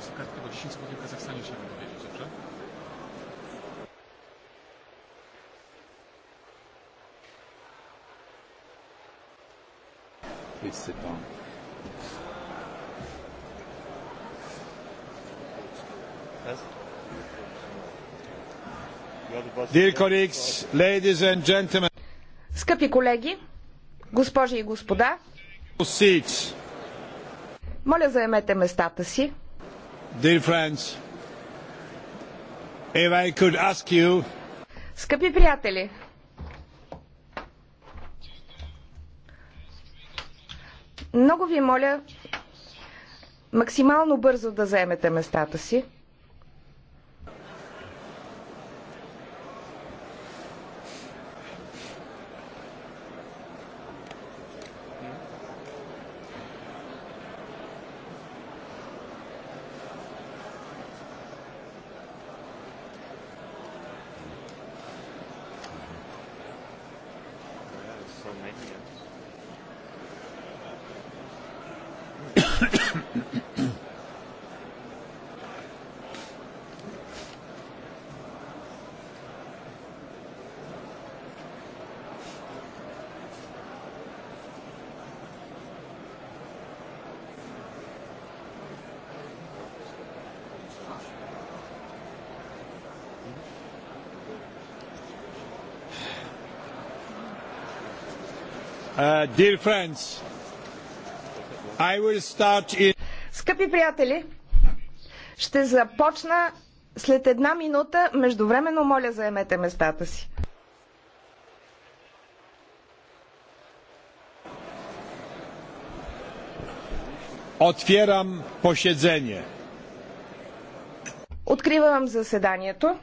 Polska, tylko 10 spółek w Kazachstanie trzeba dowiedzieć, dobrze? Jest pan. Dear colleagues, ladies and gentlemen. Скъпи колеги, госпожи и господа, моля заемете местата си. Dear friends, if I could ask you... Скъпи приятели, много ви моля максимално бързо да заемете местата си. so many. Uh, friends, in... Скъпи приятели, ще започна след една минута. Междувременно, моля, заемете местата си. Отварям поседение. Откривам заседанието.